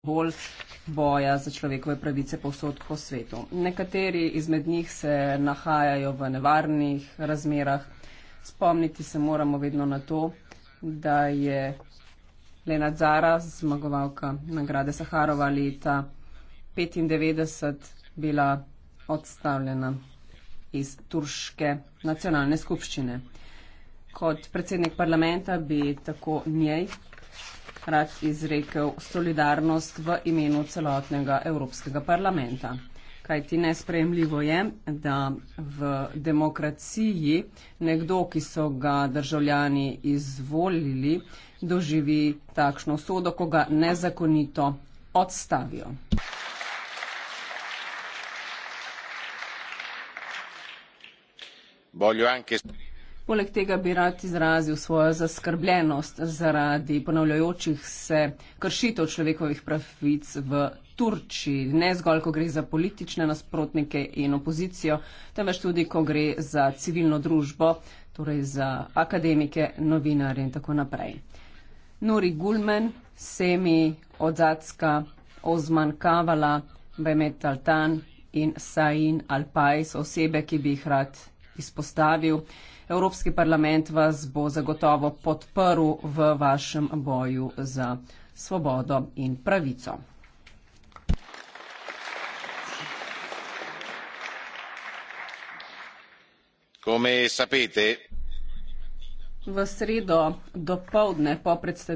simbol boja za človekove pravice povsod po svetu. Nekateri izmed njih se nahajajo v nevarnih razmerah. Spomniti se moramo vedno na to, da je Lena Zara, zmagovalka nagrade Saharova leta 1995, bila odstavljena iz turške nacionalne skupščine. Kot predsednik parlamenta bi tako njej rad izrekel solidarnost v imenu celotnega Evropskega parlamenta. Kaj ti nesprejemljivo je, da v demokraciji nekdo, ki so ga državljani izvolili, doživi takšno sodo, ko ga nezakonito odstavijo. Voglio anche Poleg tega bi rad izrazil svojo zaskrbljenost zaradi ponavljajočih se kršitev človekovih pravic v Turčiji. Ne zgolj, ko gre za politične nasprotnike in opozicijo, temveč tudi, ko gre za civilno družbo, torej za akademike, novinarje in tako naprej. Nuri Gulmen, Semi, Odzacka, Ozman Kavala, Bemet Altan in Sain Alpaj so osebe, ki bi jih rad izpostavil. Evropski parlament vas bo zagotovo podprl v vašem boju za svobodo in pravico. V sredo do povdne po predstavitvi